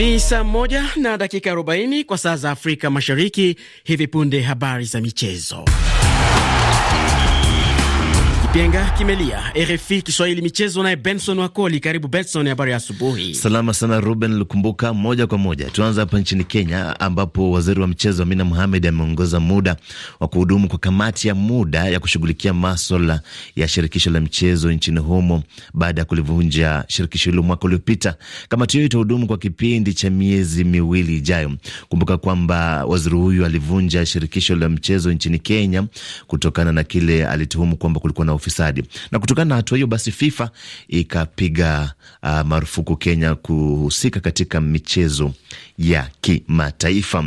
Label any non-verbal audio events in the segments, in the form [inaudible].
Ni saa moja na dakika 40 kwa saa za Afrika Mashariki. Hivi punde habari za michezo. Kipenga kimelia. RFI Kiswahili michezo, naye Benson Wakoli. Karibu Benson, habari ya asubuhi. Salama sana Ruben Lukumbuka. Moja kwa moja tuanze hapa nchini Kenya, ambapo waziri wa michezo Amina Mohamed ameongoza muda wa kuhudumu kwa kamati ya muda ya kushughulikia maswala ya shirikisho la michezo nchini humo baada ya kulivunja shirikisho hilo mwaka uliopita. Kamati hiyo itahudumu kwa kipindi cha miezi miwili ijayo. Kumbuka kwamba waziri huyu alivunja shirikisho la michezo nchini Kenya kutokana na kile alituhumu kwamba kulikuwa na ufisadi. Na kutokana na hatua hiyo, basi FIFA ikapiga uh, marufuku Kenya kuhusika katika michezo ya kimataifa.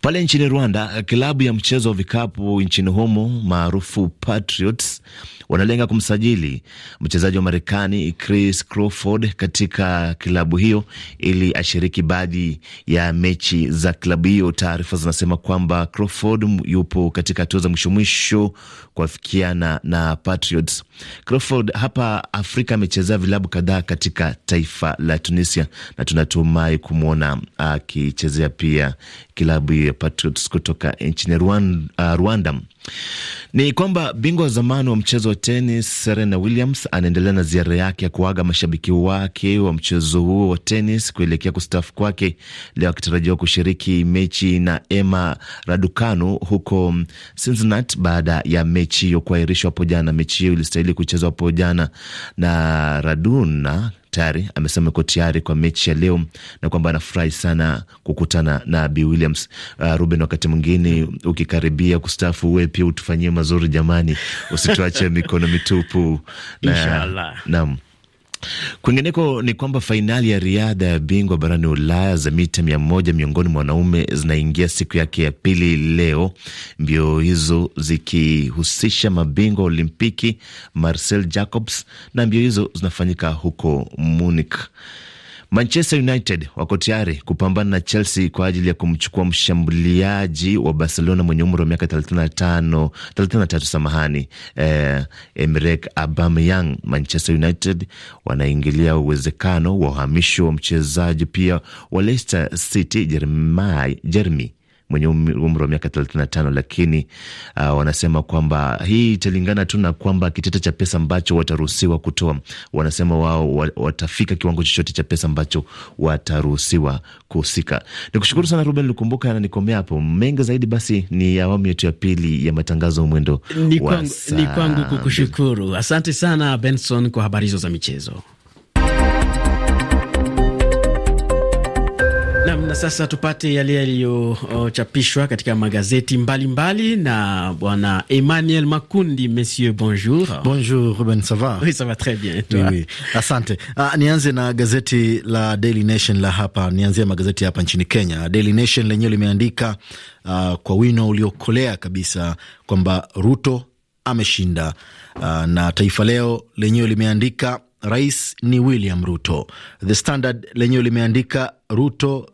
Pale nchini Rwanda, ah, klabu ya mchezo wa vikapu nchini humo maarufu Patriots wanalenga kumsajili mchezaji wa Marekani Chris Crawford katika klabu hiyo ili ashiriki baadhi ya mechi za klabu hiyo. Taarifa zinasema kwamba Crawford yupo katika hatua za mwisho mwisho kuafikiana na Patriots. Crawford hapa Afrika amechezea vilabu kadhaa katika taifa la Tunisia na tunatumai kumwona akichezea pia klabu ya Patriots kutoka nchini Rwanda. Ni kwamba bingwa wa zamani wa mchezo wa tenis Serena Williams anaendelea na ziara yake ya kuaga mashabiki wake wa mchezo huo wa tenis kuelekea kustafu kwake, leo akitarajiwa kushiriki mechi na Emma Raducanu huko Cincinnati baada ya mechi hiyo kuahirishwa hapo jana. Mechi hiyo ilistahili kuchezwa hapo jana na Raduna Mkatari amesema yuko tayari kwa mechi ya leo na kwamba anafurahi sana kukutana na B Williams. Uh, Ruben, wakati mwingine ukikaribia kustafu uwe pia utufanyie mazuri jamani, usituache [laughs] mikono mitupu na, Kwingineko ni kwamba fainali ya riadha ya bingwa barani Ulaya za mita mia moja miongoni mwa wanaume zinaingia siku yake ya pili leo, mbio hizo zikihusisha mabingwa Olimpiki Marcel Jacobs, na mbio hizo zinafanyika huko Munich. Manchester United wako tayari kupambana na Chelsea kwa ajili ya kumchukua mshambuliaji wa Barcelona mwenye umri wa miaka 35, 33 samahani, eh, Emrek Abameyang. Manchester United wanaingilia uwezekano wa uhamisho wa mchezaji pia wa Leicester City Jeremy mwenye umri wa miaka 35, lakini uh, wanasema kwamba hii italingana tu na kwamba kitete cha pesa ambacho wataruhusiwa kutoa. Wanasema wao watafika kiwango chochote cha pesa ambacho wataruhusiwa kuhusika. Ni kushukuru sana Ruben Lukumbuka na nikomea hapo. Mengi zaidi basi ni awamu yetu ya pili ya matangazo mwendo ni kwangu kukushukuru. Asante sana Benson kwa habari hizo za michezo. Nam, na sasa tupate yale yaliyochapishwa katika magazeti mbalimbali mbali, na bwana Emmanuel Makundi. Monsieur, bonjour. Ah. Bonjour Ruben, ça va? Oui, ça va très bien. Toi? Oui, asante. Ah, nianze na gazeti la Daily Nation la hapa, nianzie magazeti hapa nchini Kenya. Daily Nation lenyewe limeandika uh, kwa wino uliokolea kabisa kwamba Ruto ameshinda. uh, na Taifa Leo lenyewe limeandika rais ni William Ruto. The Standard lenyewe limeandika Ruto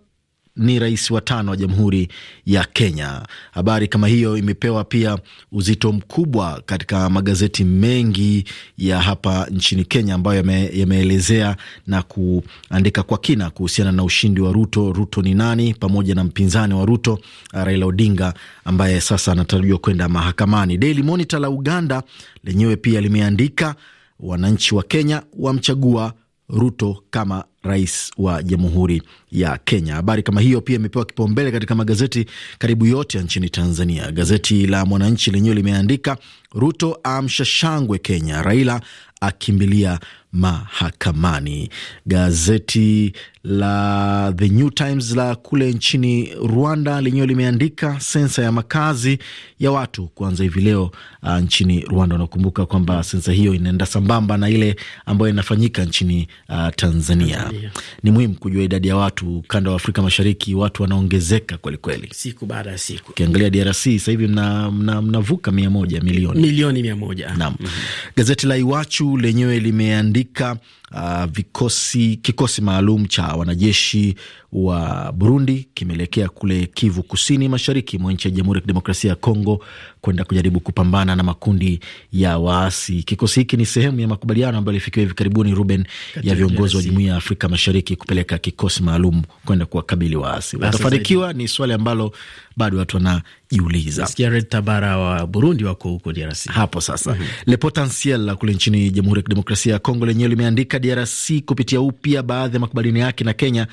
ni rais wa tano wa Jamhuri ya Kenya. Habari kama hiyo imepewa pia uzito mkubwa katika magazeti mengi ya hapa nchini Kenya ambayo yameelezea yame na kuandika kwa kina kuhusiana na ushindi wa Ruto, Ruto ni nani, pamoja na mpinzani wa Ruto Raila Odinga ambaye sasa anatarajiwa kwenda mahakamani. Daily Monitor la Uganda lenyewe pia limeandika wananchi wa Kenya wamchagua Ruto kama rais wa Jamhuri ya Kenya. Habari kama hiyo pia imepewa kipaumbele katika magazeti karibu yote nchini Tanzania. Gazeti la Mwananchi lenyewe limeandika Ruto amsha shangwe Kenya, Raila akimbilia mahakamani. Gazeti la The New Times la kule nchini Rwanda lenyewe limeandika sensa ya makazi ya watu kuanza hivi leo uh, nchini Rwanda. Unakumbuka kwamba sensa hiyo inaenda sambamba na ile ambayo inafanyika nchini uh, Tanzania. Tanzania ni muhimu kujua idadi ya watu kanda wa Afrika Mashariki, watu wanaongezeka kwelikweli siku baada ya siku. Ukiangalia DRC sasa hivi mnavuka mna, mna mia moja milioni milioni mia moja. Naam. Mm -hmm. Gazeti la Iwachu lenyewe limeandika Uh, vikosi kikosi maalum cha wanajeshi wa Burundi kimeelekea kule Kivu Kusini, mashariki mwa nchi ya Jamhuri ya Kidemokrasia ya Kongo kwenda kujaribu kupambana na makundi ya waasi. Kikosi hiki ni sehemu ya makubaliano ambayo alifikiwa hivi karibuni, Ruben, Kati ya viongozi wa Jumuia ya Afrika Mashariki kupeleka kikosi maalum kwenda kuwakabili waasi. Watafanikiwa ni swali ambalo bado watu wanajiuliza. Tabara wa Burundi wako huko DRC hapo sasa. mm -hmm. Le Potentiel la kule nchini Jamhuri ya Kidemokrasia ya Kongo lenyewe limeandika DRC kupitia upya baadhi ya makubaliano yake na Kenya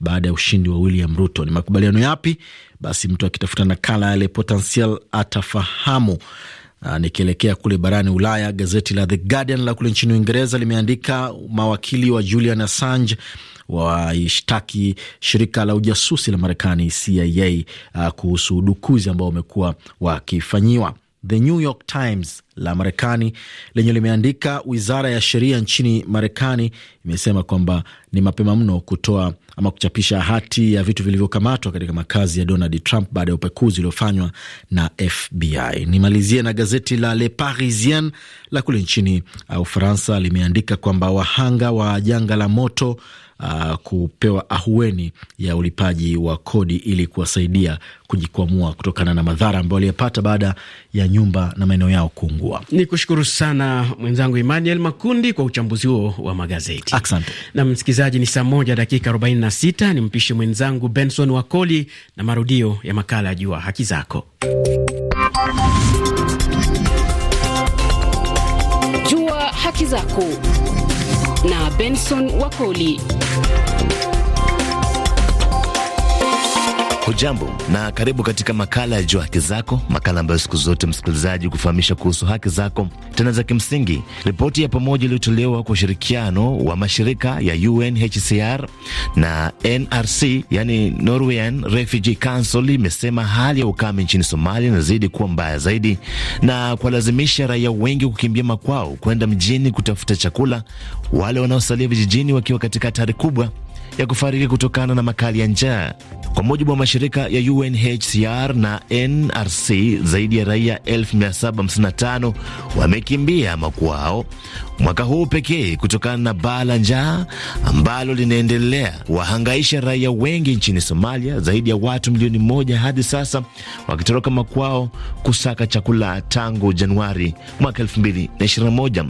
baada ya ushindi wa William Ruto. Ni makubaliano yapi? Basi mtu akitafuta nakala yale potensial atafahamu. Ah, nikielekea kule barani Ulaya, gazeti la The Guardian la kule nchini Uingereza limeandika mawakili wa Julian Assange waishtaki shirika la ujasusi la Marekani CIA, uh, ah, kuhusu udukuzi ambao wamekuwa wakifanyiwa. The New York Times la Marekani lenye limeandika, wizara ya sheria nchini Marekani imesema kwamba ni mapema mno kutoa ama kuchapisha hati ya vitu vilivyokamatwa katika makazi ya Donald Trump baada ya upekuzi uliofanywa na FBI. Nimalizie na gazeti la Le Parisien la kule nchini uh, Ufaransa, limeandika kwamba wahanga wa janga la moto uh, kupewa ahueni ya ulipaji wa kodi ili kuwasaidia kujikwamua kutokana na madhara ambayo waliyapata baada ya nyumba na maeneo yao kuungua. Ni kushukuru sana mwenzangu Emmanuel Makundi kwa uchambuzi huo wa magazeti. Asante na msikilizaji, ni saa moja dakika 46. Ni mpishe mwenzangu Benson Wakoli na marudio ya makala ya Jua Haki Zako. Jua Haki Zako na Benson Wakoli. Hujambo na karibu katika makala ya Jua Haki Zako, makala ambayo siku zote msikilizaji kufahamisha kuhusu haki zako tena za kimsingi. Ripoti ya pamoja iliyotolewa kwa ushirikiano wa mashirika ya UNHCR na NRC, yani Norwegian Refugee Council, imesema hali ya ukame nchini Somalia inazidi kuwa mbaya zaidi na kuwalazimisha raia wengi kukimbia makwao kwenda mjini kutafuta chakula, wale wanaosalia vijijini wakiwa katika hatari kubwa ya kufariki kutokana na makali ya njaa. Kwa mujibu wa mashirika ya UNHCR na NRC, zaidi ya raia 1755 wamekimbia makwao mwaka huu pekee kutokana na baa la njaa ambalo linaendelea kuwahangaisha raia wengi nchini Somalia, zaidi ya watu milioni moja hadi sasa wakitoroka makwao kusaka chakula tangu Januari mwaka moja.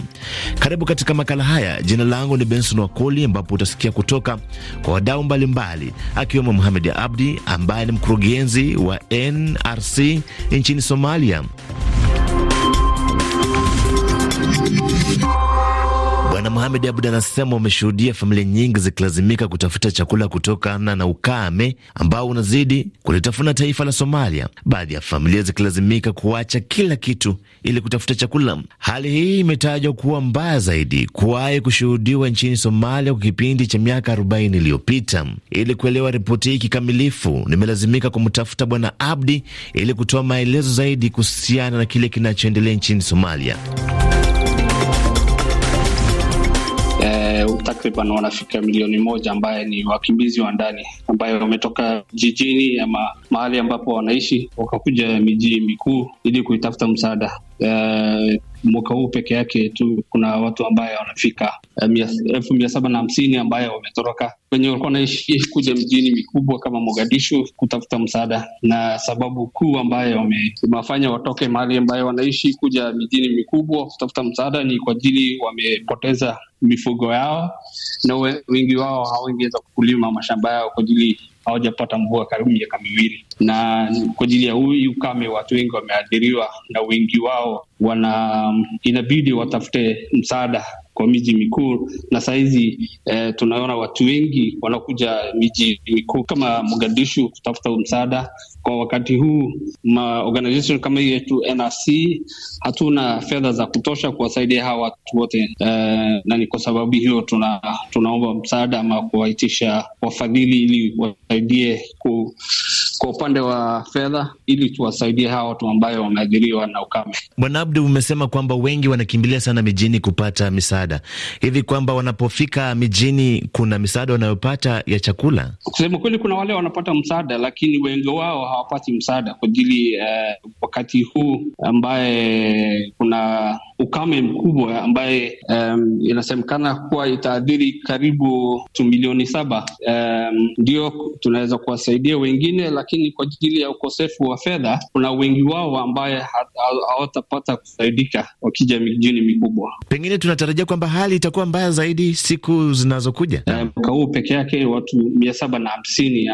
Karibu katika makala haya. Jina langu ni Benson Wakoli, ambapo utasikia kutoka kwa wadau mbalimbali akiwemo Muhamed Abdi ambaye ni mkurugenzi wa NRC nchini Somalia. Bwana Mohamed Abud anasema wameshuhudia familia nyingi zikilazimika kutafuta chakula kutokana na ukame ambao unazidi kulitafuna taifa la Somalia, baadhi ya familia zikilazimika kuacha kila kitu ili kutafuta chakula. Hali hii imetajwa kuwa mbaya zaidi kuwahi kushuhudiwa nchini Somalia kwa kipindi cha miaka 40 iliyopita. Ili kuelewa ripoti hii kikamilifu, nimelazimika kumtafuta Bwana Abdi ili kutoa maelezo zaidi kuhusiana na kile kinachoendelea nchini Somalia. takriban wanafika milioni moja ambaye ni wakimbizi wa ndani ambayo wametoka jijini ama mahali ambapo wanaishi wakakuja miji mikuu ili kuitafuta msaada. Uh, mwaka huu peke yake tu kuna watu ambaye wanafika eh, elfu mia saba na hamsini ambaye wametoroka wenye walikuwa wanaishi kuja mjini mikubwa kama Mogadishu kutafuta msaada, na sababu kuu ambayo wamewafanya watoke mahali ambayo wanaishi kuja mijini mikubwa kutafuta msaada ni kwa ajili wamepoteza mifugo yao, na wengi wao hawangeweza kulima mashamba yao kwa ajili hawajapata mvua karibu miaka miwili, na kwa ajili ya huyu ukame watu wengi wameathiriwa, na wengi wao wana inabidi watafute msaada kwa miji mikuu na sahizi eh, tunaona watu wengi wanakuja miji mikuu kama Mogadishu kutafuta msaada. Kwa wakati huu ma organization kama hii yetu NRC hatuna fedha za kutosha kuwasaidia hawa watu wote eh, na ni kwa sababu hiyo tuna, tunaomba msaada ama kuwaitisha wafadhili ili wasaidie ku kwa upande wa fedha ili tuwasaidie hawa watu ambayo wameathiriwa na ukame. Bwana Abdu, umesema kwamba wengi wanakimbilia sana mijini kupata misaada, hivi kwamba wanapofika mijini kuna misaada wanayopata ya chakula? Kusema kweli, kuna wale wanapata msaada, lakini wengi wao hawapati msaada kwa ajili uh, wakati huu ambaye kuna ukame mkubwa ambaye um, inasemekana kuwa itaadhiri karibu tu milioni saba, ndio tunaweza kuwasaidia wengine lakini kwa ajili ya ukosefu wa fedha, kuna wengi wao ambaye hawatapata kusaidika wakija mijini mikubwa. Pengine tunatarajia kwamba hali itakuwa mbaya zaidi siku zinazokuja. Mwaka huu peke yake watu mia saba na hamsini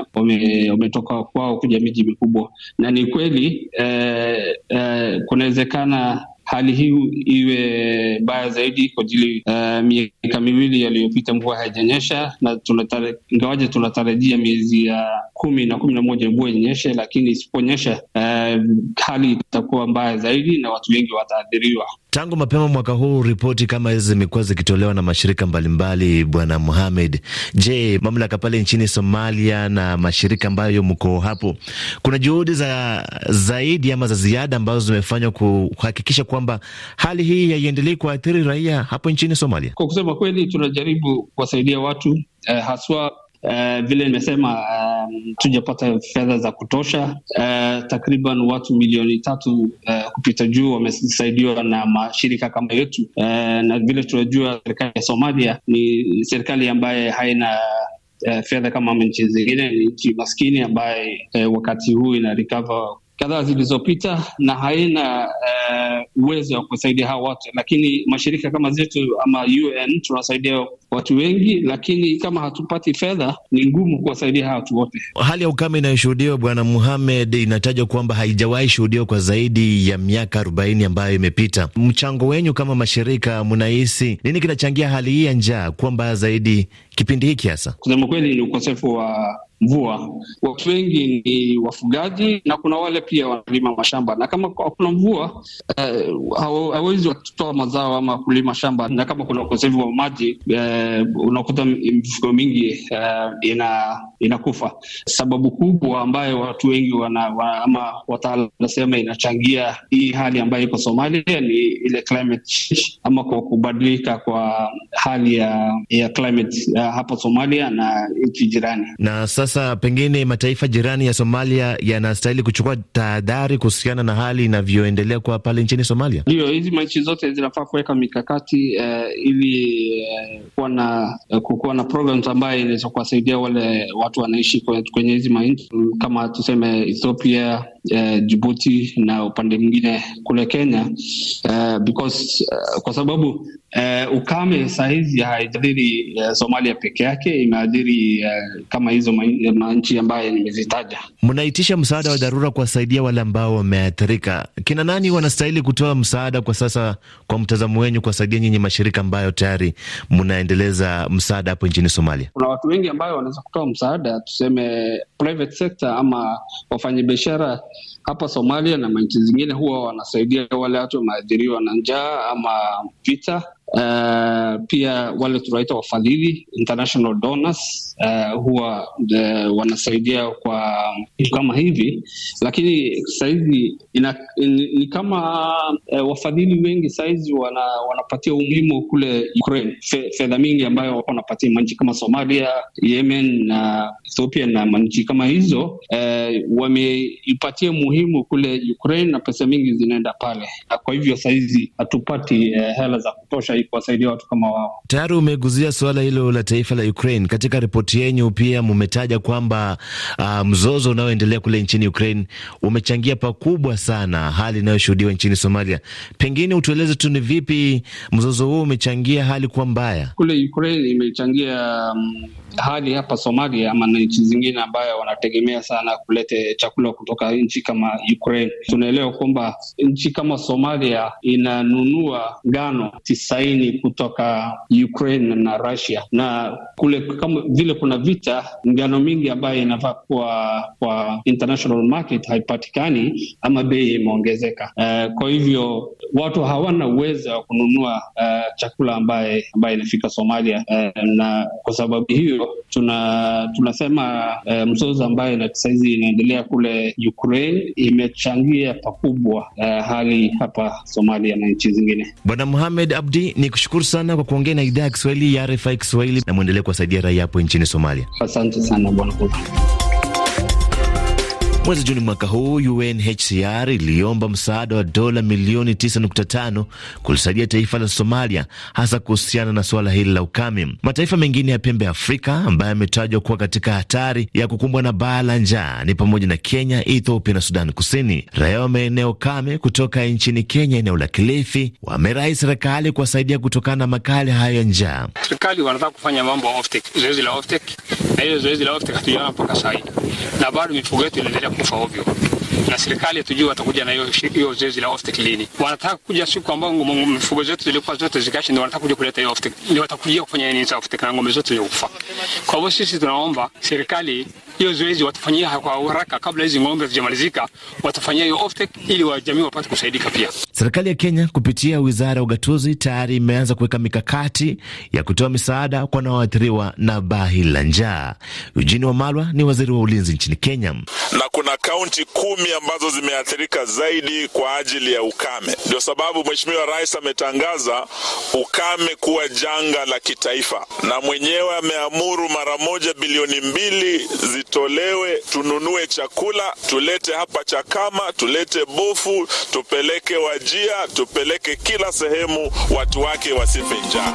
wametoka kwao kuja miji mikubwa, na ni kweli eh, eh, kunawezekana hali hii iwe mbaya zaidi kwa ajili uh, miaka miwili yaliyopita mvua haijanyesha, na tunatare, ingawaje tunatarajia miezi ya kumi na kumi na moja mvua inyeshe, lakini isiponyesha uh, hali itakuwa mbaya zaidi na watu wengi wataathiriwa. Tangu mapema mwaka huu ripoti kama hizi zimekuwa zikitolewa na mashirika mbalimbali. Bwana Muhamed, je, mamlaka pale nchini Somalia na mashirika ambayo mko hapo, kuna juhudi za zaidi ama za ziada ambazo zimefanywa kuhakikisha kwamba hali hii haiendelei kuathiri raia hapo nchini Somalia? Kwa kusema kweli, tunajaribu kuwasaidia watu eh, haswa eh, vile nimesema eh, hatujapata um, fedha za kutosha. Uh, takriban watu milioni tatu uh, kupita juu wamesaidiwa na mashirika kama yetu uh, na vile tunajua serikali ya Somalia ni serikali ambaye haina Uh, fedha kama nchi zingine, ni nchi maskini ambaye uh, wakati huu ina recover kadhaa zilizopita na haina uh, uwezo wa kuwasaidia hawa watu, lakini mashirika kama zetu ama UN tunawasaidia watu wengi, lakini kama hatupati fedha ni ngumu kuwasaidia hawa watu wote. Hali ya ukame inayoshuhudiwa Bwana Muhamed inatajwa kwamba haijawahi shuhudiwa kwa zaidi ya miaka arobaini ambayo imepita. Mchango wenyu kama mashirika, mnahisi nini kinachangia hali hii ya njaa kwamba zaidi kipindi hiki hasa? Kusema kweli ni ukosefu wa mvua. Watu wengi ni wafugaji na kuna wale pia wanalima mashamba, na kama hakuna mvua eh, hawawezi uh, kutoa mazao ama kulima shamba, na kama kuna ukosefu wa maji uh, unakuta mifugo mingi uh, ina inakufa. Sababu kubwa ambayo watu wengi wana, wana, ama wataalam wanasema inachangia hii hali ambayo iko Somalia ni ile climate change ama kwa kubadilika kwa hali ya, ya climate ya hapo Somalia na nchi jirani. Na sasa pengine mataifa jirani ya Somalia yanastahili kuchukua tahadhari kuhusiana na hali inavyoendelea kwa pale nchini Somalia. Ndio, hizi manchi zote zinafaa kuweka mikakati uh, ili uh, kuwa na uh, kukuwa na programs ambayo inaweza kuwasaidia wale watu wanaishi kwenye hizi manchi kama tuseme Ethiopia, eh, Jibuti na upande mwingine kule Kenya eh, because eh, kwa sababu eh, ukame sahizi haijadhiri eh, Somalia peke yake, imeadhiri eh, kama hizo manchi ambayo nimezitaja. Mnaitisha msaada wa dharura kuwasaidia wale ambao wameathirika. Kina nani wanastahili kutoa msaada kwa sasa, kwa mtazamo wenyu, kuwasaidia nyinyi mashirika ambayo tayari mnaendeleza msaada hapo nchini Somalia? Kuna watu wengi ambayo wanaweza kutoa msaada msaada, tuseme private sector ama wafanyabiashara hapa Somalia na manchi zingine, huwa wanasaidia wale watu wameathiriwa na njaa ama vita Uh, pia wale tunaita wafadhili international donors uh, huwa the, uh, wanasaidia kwa kama hivi, lakini sahizi ni kama uh, wafadhili wengi sahizi wana, wanapatia umuhimu kule Ukraine Fe, fedha mingi ambayo wanapatia manchi kama Somalia, Yemen na uh, Ethiopia na manchi kama hizo uh, wameipatia muhimu kule Ukraine na pesa mingi zinaenda pale, na kwa hivyo sahizi hatupati uh, hela za kutosha kuwasaidia watu kama wao. Tayari umeguzia suala hilo la taifa la Ukraine. Katika ripoti yenyu pia mmetaja kwamba uh, mzozo unaoendelea kule nchini Ukraine umechangia pakubwa sana hali inayoshuhudiwa nchini Somalia. Pengine utueleze tu ni vipi mzozo huo umechangia hali kuwa mbaya kule Ukraine? Imechangia um, hali hapa Somalia ama na nchi zingine ambayo wanategemea sana kulete chakula kutoka nchi kama Ukraine. Tunaelewa kwamba nchi kama Somalia inanunua ngano tisa arobaini kutoka Ukraine na Russia, na kule kama vile kuna vita, ngano mingi ambayo inafaa kuwa kwa international market haipatikani ama bei imeongezeka. Uh, kwa hivyo watu hawana uwezo wa kununua uh, chakula ambaye ambaye inafika Somalia uh, na kwa sababu hiyo tuna tunasema uh, mzozo ambaye sahizi inaendelea kule Ukraine imechangia pakubwa uh, hali hapa Somalia na nchi zingine. Bwana Muhamed Abdi ni kushukuru sana kwa kuongea na idhaa ya Kiswahili ya RFI Kiswahili, na mwendelee kuwasaidia raia hapo nchini Somalia. Asante sana bwana. Mwezi Juni mwaka huu UNHCR iliomba msaada wa dola milioni 9.5 kulisaidia taifa la Somalia, hasa kuhusiana na suala hili la ukame. Mataifa mengine ya pembe Afrika ambayo yametajwa kuwa katika hatari ya kukumbwa na baa la njaa ni pamoja na Kenya, Ethiopia na sudani Kusini. Raia wa maeneo kame kutoka nchini Kenya, eneo la Kilifi, wamerahi serikali kuwasaidia kutokana na makali hayo njaa. Serikali wanataka kufanya mambo zoezi la na zoezi la hatujaona mpaka na bado mifugo yetu inaendelea watakufa ovyo, na serikali hatujui watakuja na hiyo zoezi la oftek lini. Wanataka kuja siku ambayo mifugo zetu zilikuwa zote zikashi, ndio wanataka kuja kuleta hiyo oftek, ndio watakuja kufanya nini za oftek na ng'ombe zote zikufa. Kwa hivyo sisi tunaomba serikali hiyo zoezi watafanyia kwa haraka kabla hizi ng'ombe zijamalizika, watafanyia hiyo offtake ili wajamii wapate kusaidika pia. Serikali ya Kenya kupitia wizara ya ugatuzi tayari imeanza kuweka mikakati ya kutoa misaada kwa wanaoathiriwa na bahi la njaa. Eugene Wamalwa ni waziri wa ulinzi nchini Kenya. Na kuna kaunti kumi ambazo zimeathirika zaidi kwa ajili ya ukame, ndio sababu Mheshimiwa Rais ametangaza ukame kuwa janga la kitaifa, na mwenyewe ameamuru mara moja bilioni mbili tutolewe, tununue chakula, tulete hapa Chakama, tulete Bofu, tupeleke Wajia, tupeleke kila sehemu, watu wake wasife njaa.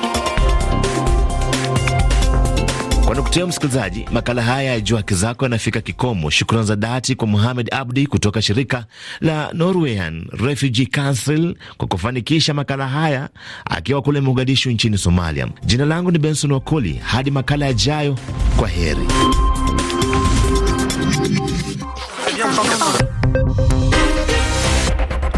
Kwa nukuteo msikilizaji, makala haya ya Jua Haki Zako yanafika kikomo. Shukrani za dhati kwa Muhamed Abdi kutoka shirika la Norwegian Refugee Council kwa kufanikisha makala haya akiwa kule Mogadishu nchini Somalia. Jina langu ni Benson Wakoli, hadi makala yajayo, kwa heri.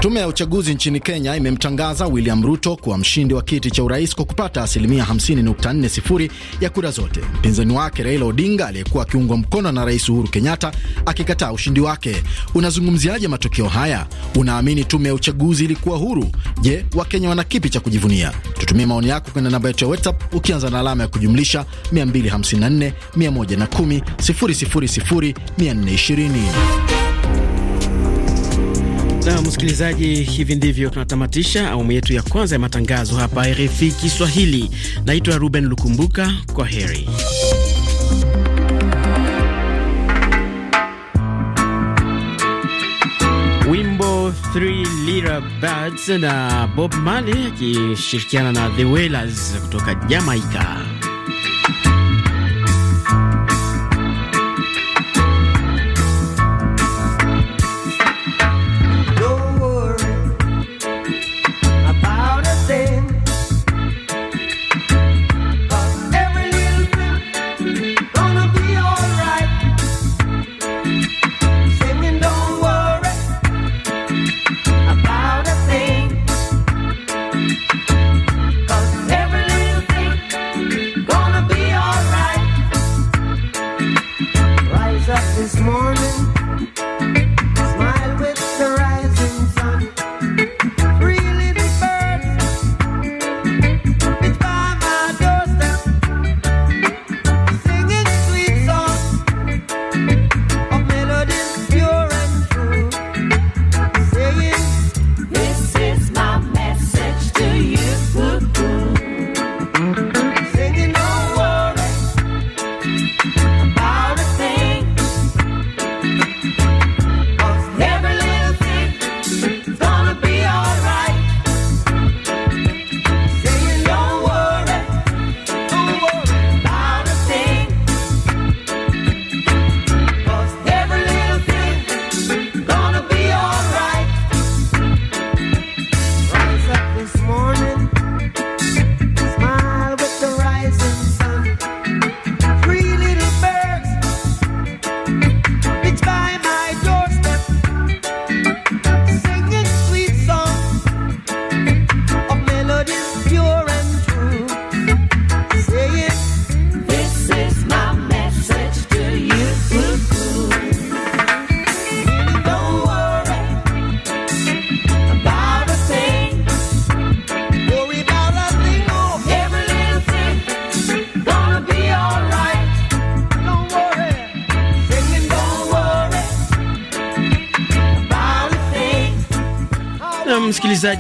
Tume ya uchaguzi nchini Kenya imemtangaza William Ruto kuwa mshindi wa kiti cha urais kwa kupata asilimia 50.40 ya kura zote, mpinzani wake Raila Odinga aliyekuwa akiungwa mkono na Rais Uhuru Kenyatta akikataa ushindi wake. Unazungumziaje matokeo haya? Unaamini tume ya uchaguzi ilikuwa huru? Je, Wakenya wana kipi cha kujivunia? Tutumie maoni yako kwenye namba yetu ya WhatsApp ukianza na alama ya kujumlisha 254 110 000 420. Na msikilizaji, hivi ndivyo tunatamatisha awamu yetu ya kwanza ya matangazo hapa RFI Kiswahili. Naitwa Ruben Lukumbuka, kwa heri. Wimbo 3 Lira Birds na Bob Marley akishirikiana na The Wailers kutoka Jamaica.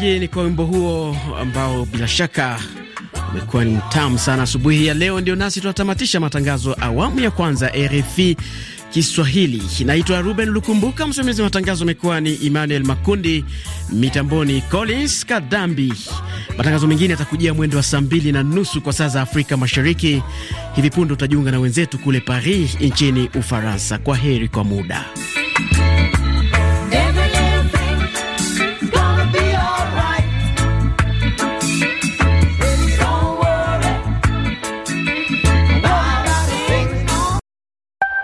msikilizaji, ni kwa wimbo huo ambao bila shaka umekuwa ni mtamu sana asubuhi ya leo. Ndio nasi tunatamatisha matangazo awamu ya kwanza RFI Kiswahili. Inaitwa Ruben Lukumbuka, msimamizi wa matangazo amekuwa ni Emmanuel Makundi, mitamboni Collins Kadambi. Matangazo mengine yatakujia mwendo wa saa mbili na nusu kwa saa za Afrika Mashariki. Hivi punde utajiunga na wenzetu kule Paris nchini Ufaransa. Kwa heri kwa muda.